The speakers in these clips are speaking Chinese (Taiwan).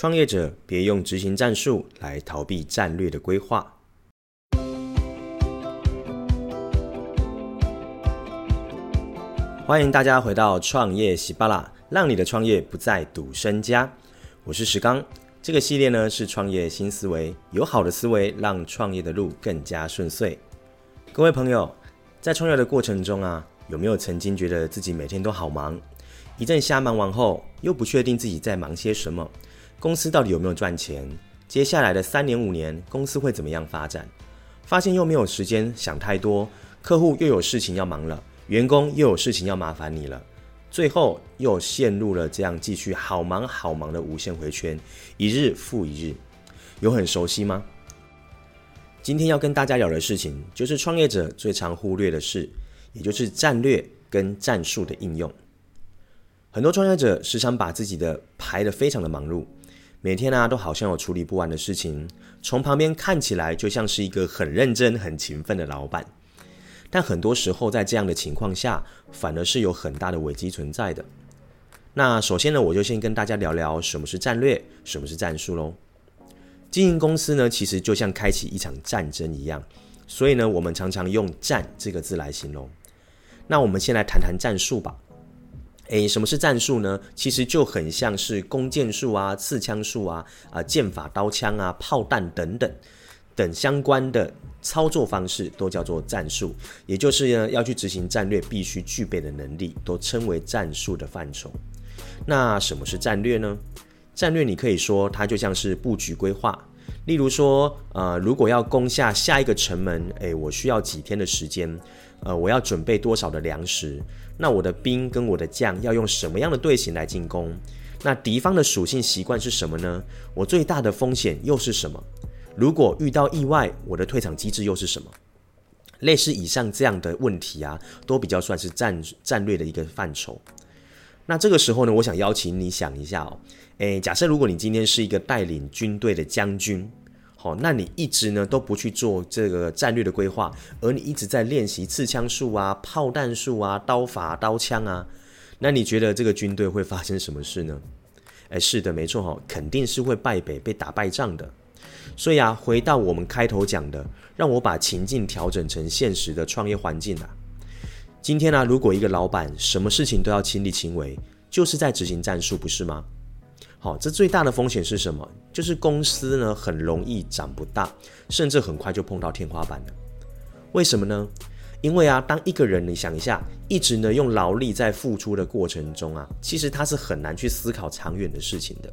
創業者別用執行戰術來逃避戰略的規劃。歡迎大家回到創業喜巴拉，讓你的創業不再賭身家。我是石剛，這個系列呢是創業心思維，有好的思維，讓創業的路更加順遂。各位朋友，在創業的過程中啊，有沒有曾經覺得自己每天都好忙？一陣瞎忙完後，又不確定自己在忙些什麼？公司到底有沒有賺錢？接下來的三年五年，公司會怎麼樣發展？發現又沒有時間想太多，客戶又有事情要忙了，員工又有事情要麻煩你了，最後又陷入了這樣繼續好忙好忙的無限回圈，一日復一日。有很熟悉嗎？今天要跟大家聊的事情，就是創業者最常忽略的事，也就是戰略跟戰術的應用。很多創業者時常把自己的排得非常的忙碌。每天呢、啊，都好像有處理不完的事情，從旁邊看起來就像是一個很認真、很勤奮的老闆，但很多時候在這樣的情況下，反而是有很大的危機存在的。那首先呢，我就先跟大家聊聊什麼是戰略，什麼是戰術嘍。經營公司呢，其實就像開啟一場戰爭一樣，所以呢，我們常常用“戰”這個字來形容。那我們先來談談戰術吧。誒，什麼是戰術呢？其實就很像是弓箭術啊、刺槍術啊、啊劍法、刀槍啊、炮彈等等等相關的操作方式，都叫做戰術。也就是呢，要去執行戰略必須具備的能力，都稱為戰術的範疇。那什麼是戰略呢？戰略你可以說它就像是布局規劃。例如說，呃，如果要攻下下一個城門，誒，我需要幾天的時間？呃，我要準備多少的糧食？那我的兵跟我的將要用什麼樣的隊形來進攻？那敵方的屬性習慣是什麼呢？我最大的風險又是什麼？如果遇到意外，我的退場機制又是什麼？類似以上這樣的問題啊，都比較算是戰戰略的一個範疇。那這個時候呢，我想邀請你想一下哦，誒，假設如果你今天是一個帶領軍隊的將軍，好、哦，那你一直呢都不去做這個戰略的規劃，而你一直在練習刺槍術啊、炮彈術啊、刀法、刀槍啊，那你覺得這個軍隊會發生什麼事呢？誒，是的，沒錯、哦，哈，肯定是會敗北、被打敗仗的。所以啊，回到我們開頭講的，讓我把情境調整成現實的創業環境啊。今天呢、啊，如果一個老闆什麼事情都要親力親為，就是在執行戰術，不是嗎？好、哦，這最大的風險是什麼？就是公司呢很容易長不大，甚至很快就碰到天花板了。為什麼呢？因為啊，當一個人你想一下，一直呢用勞力在付出的過程中啊，其實他是很難去思考長遠的事情的。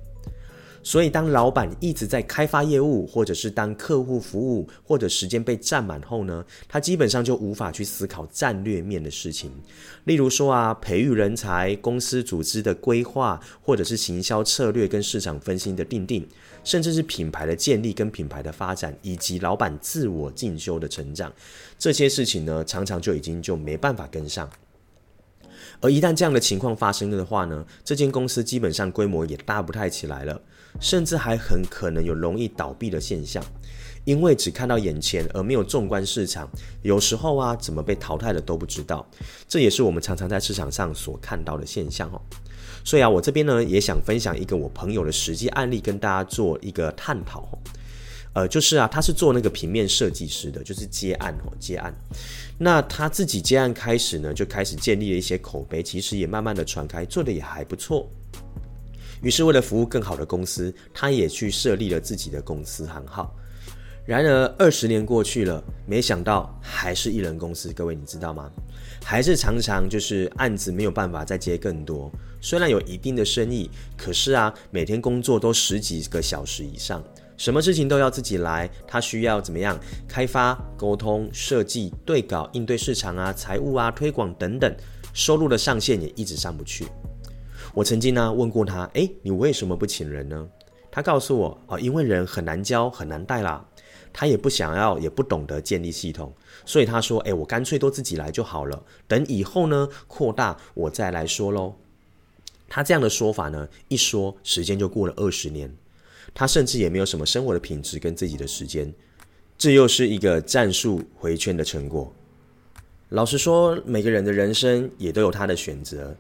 所以，當老闆一直在開發業務，或者是當客戶服務或者時間被占滿後呢，他基本上就無法去思考戰略面的事情。例如說啊，培育人才、公司組織的規劃，或者是行銷策略跟市場分析的訂定，甚至是品牌的建立跟品牌的發展，以及老闆自我進修的成長，這些事情呢，常常就已經就沒辦法跟上。而一旦這樣的情況發生了的話呢，這間公司基本上規模也大不太起來了。甚至還很可能有容易倒閉的現象，因為只看到眼前而沒有縱觀市場，有時候啊，怎麼被淘汰的都不知道，這也是我們常常在市場上所看到的現象哦。所以啊，我這邊呢也想分享一個我朋友的實際案例，跟大家做一個探討。呃，就是啊，他是做那個平面設計師的，就是接案哦，接案。那他自己接案開始呢，就開始建立了一些口碑，其實也慢慢的傳開，做得也還不錯。於是，為了服務更好的公司，他也去設立了自己的公司行號。然而，二十年過去了，沒想到還是一人公司。各位，你知道嗎？還是常常就是案子沒有辦法再接更多。雖然有一定的生意，可是啊，每天工作都十幾個小時以上，什麼事情都要自己來。他需要怎麼樣開發、溝通、設計、對稿、應對市場啊、財務啊、推廣等等，收入的上限也一直上不去。我曾經呢問過他，誒，你為什麼不請人呢？他告訴我，啊，因為人很難教，很難帶啦。他也不想要，也不懂得建立系統，所以他說，誒，我乾脆都自己來就好了。等以後呢擴大，我再來說嘍。他這樣的說法呢，一說時間就過了二十年。他甚至也沒有什麼生活的品質跟自己的時間。這又是一個戰術回圈的成果。老實說，每個人的人生也都有他的選擇。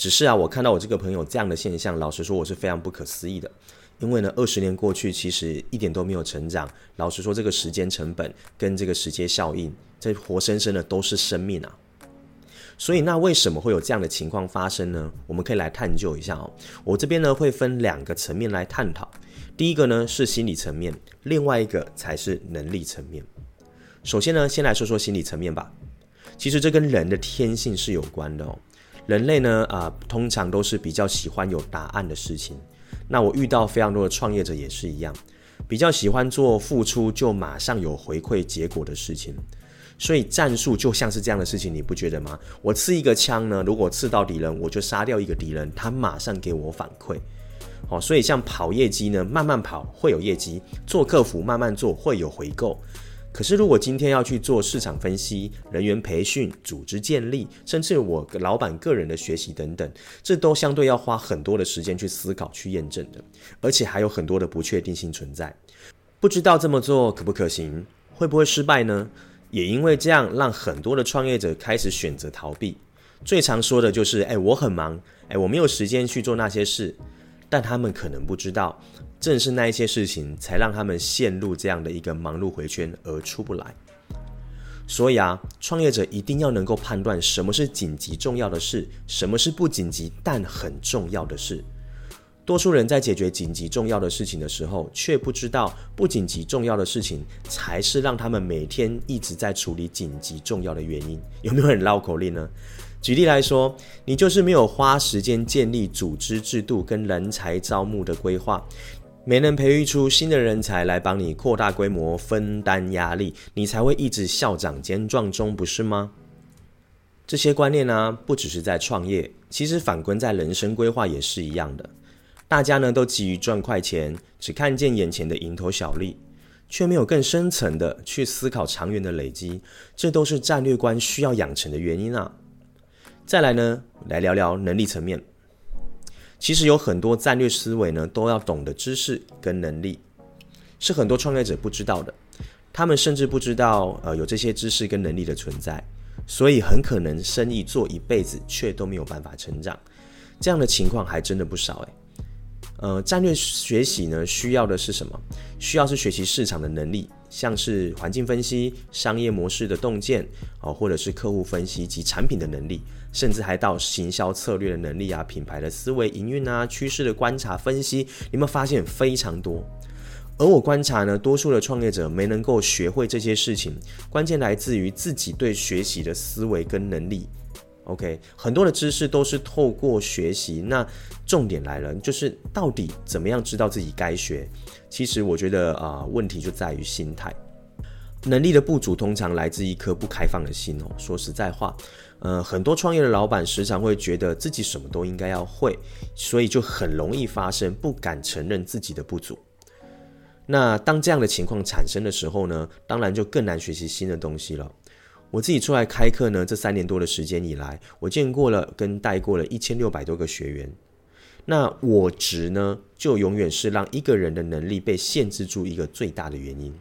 只是啊，我看到我這個朋友這樣的現象，老實說我是非常不可思議的，因為呢，二十年過去，其實一點都沒有成長。老實說，這個時間成本跟這個時間效應，這活生生的都是生命啊。所以，那為什麼會有這樣的情況發生呢？我們可以來探究一下哦。我這邊呢會分兩個層面來探討，第一個呢是心理層面，另外一個才是能力層面。首先呢，先來說說心理層面吧。其實這跟人的天性是有關的哦。人類呢，啊、呃，通常都是比較喜歡有答案的事情。那我遇到非常多的創業者也是一樣，比較喜歡做付出就馬上有回饋結果的事情。所以戰術就像是這樣的事情，你不覺得嗎？我刺一個槍呢，如果刺到敵人，我就殺掉一個敵人，他馬上給我反饋。哦，所以像跑業績呢，慢慢跑會有業績；做客服慢慢做會有回購。可是，如果今天要去做市場分析、人員培訓、組織建立，甚至我老闆個人的學習等等，這都相對要花很多的時間去思考、去驗證的，而且還有很多的不確定性存在，不知道這麼做可不可行，會不會失敗呢？也因為這樣，讓很多的創業者開始選擇逃避。最常說的就是：“誒，我很忙，誒，我沒有時間去做那些事。”但他們可能不知道。正是那一些事情，才讓他們陷入這樣的一個忙碌迴圈而出不來。所以啊，創業者一定要能夠判斷什麼是緊急重要的事，什麼是不緊急但很重要的事。多數人在解決緊急重要的事情的時候，卻不知道不緊急重要的事情才是讓他們每天一直在處理緊急重要的原因。有沒有人繞口令呢？舉例來說，你就是沒有花時間建立組織制度跟人才招募的規劃。沒能培育出新的人才來幫你擴大規模，分擔壓力，你才會一直校長兼撞鐘。不是嗎？這些觀念呢、啊，不只是在創業，其實反觀在人生規劃也是一樣的。大家呢都急於賺快錢，只看見眼前的蠅頭小利，卻沒有更深層的去思考長遠的累積，這都是戰略觀需要養成的原因啊。再來呢，來聊聊能力層面。其實有很多戰略思維呢，都要懂得知識跟能力，是很多創業者不知道的，他們甚至不知道，呃，有這些知識跟能力的存在，所以很可能生意做一輩子卻都沒有辦法成長，這樣的情況還真的不少哎。呃，戰略學習呢，需要的是什麼？需要是學習市場的能力。像是環境分析、商業模式的洞見，或者是客戶分析及產品的能力，甚至還到行銷策略的能力啊、品牌的思維、營運啊、趨勢的觀察分析，你們發現非常多。而我觀察呢，多數的創業者沒能夠學會這些事情，關鍵來自於自己對學習的思維跟能力。OK，很多的知識都是透過學習。那重點來了，就是到底怎麼樣知道自己該學？其實我覺得啊，呃，問題就在於心態。能力的不足通常來自一顆不開放的心哦。說實在話，呃，很多創業的老板時常會覺得自己什麼都應該要會，所以就很容易發生不敢承認自己的不足。那當這樣的情況產生的時候呢，當然就更難學習新的東西了。我自己出來開課呢，這三年多的時間以來，我見過了跟帶過了一千六百多個學員。那我執呢，就永遠是讓一個人的能力被限制住一個最大的原因。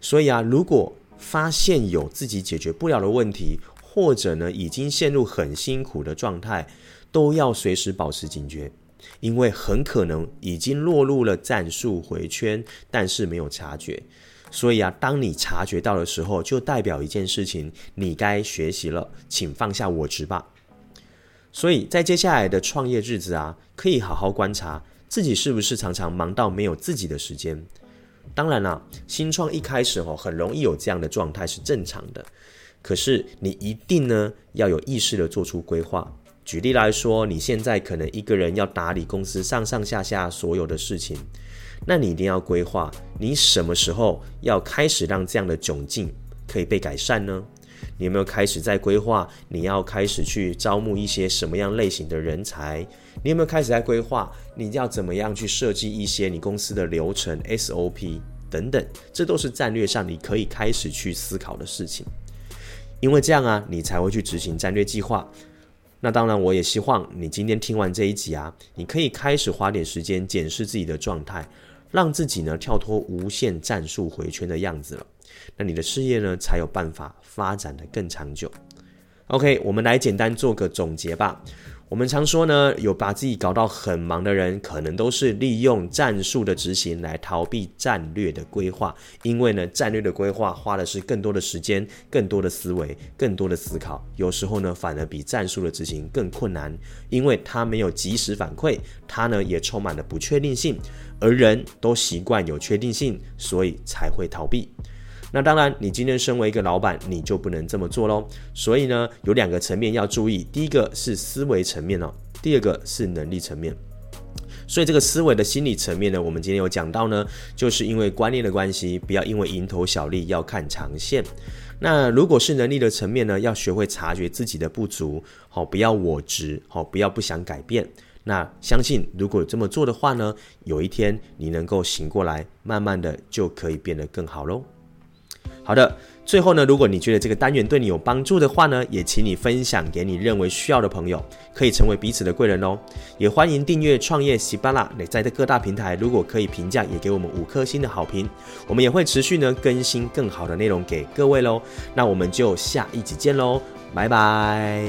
所以啊，如果發現有自己解決不了的問題，或者呢，已經陷入很辛苦的狀態，都要隨時保持警覺，因為很可能已經落入了戰術回圈，但是沒有察覺。所以啊，當你察覺到的時候，就代表一件事情，你該學習了，請放下我執吧。所以在接下來的創業日子啊，可以好好觀察自己是不是常常忙到沒有自己的時間。當然了啊，新創一開始哦，很容易有這樣的狀態是正常的。可是你一定呢要有意識地做出規劃。舉例來說，你現在可能一個人要打理公司上上下下所有的事情。那你一定要規劃，你什麼時候要開始讓這樣的窘境可以被改善呢？你有沒有開始在規劃你要開始去招募一些什麼樣類型的人才？你有沒有開始在規劃你要怎麼樣去設計一些你公司的流程、SOP 等等？這都是戰略上你可以開始去思考的事情，因為這樣啊，你才會去執行戰略計劃。那當然，我也希望你今天聽完這一集啊，你可以開始花點時間檢視自己的狀態。讓自己呢跳脫無限戰術迴圈的樣子了，那你的事業呢才有辦法發展得更長久。OK，我們來簡單做個總結吧。我們常說呢，有把自己搞到很忙的人，可能都是利用戰術的執行來逃避戰略的規劃，因為呢戰略的規劃花的是更多的時間、更多的思維、更多的思考，有時候呢反而比戰術的執行更困難，因為他沒有及時反饋，他呢也充滿了不確定性。而人都習慣有確定性，所以才會逃避。那當然，你今天身為一個老闆，你就不能這麼做嘍。所以呢，有兩個層面要注意：第一個是思維層面哦，第二個是能力層面。所以這個思維的心理層面呢，我們今天有講到呢，就是因為觀念的關係，不要因為蠅頭小利，要看長線。那如果是能力的層面呢，要學會察覺自己的不足，好、哦，不要我執，好、哦，不要不想改變。那相信，如果這麼做的話呢，有一天你能夠醒過來，慢慢的就可以變得更好嘍。好的，最後呢，如果你覺得這個單元對你有幫助的話呢，也請你分享給你認為需要的朋友，可以成為彼此的貴人哦。也歡迎訂閱創業習巴拉，在這各大平台，如果可以評價，也給我們五顆星的好評，我們也會持續呢更新更好的內容給各位嘍。那我們就下一集見嘍，拜拜。